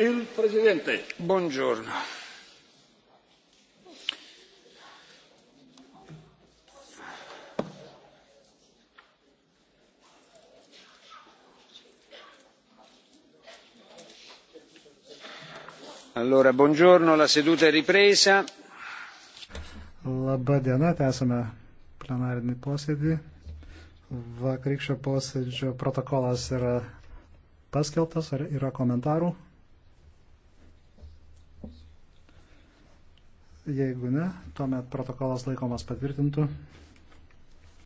il presidente. Buongiorno. Allora, buongiorno, la seduta è ripresa. Labą dieną, tęsame plenarinį posėdį. Vakarykščio posėdžio protokolas yra paskeltas, ar yra komentarų? Jeigu ne, tuomet protokolas laikomas patvirtintų.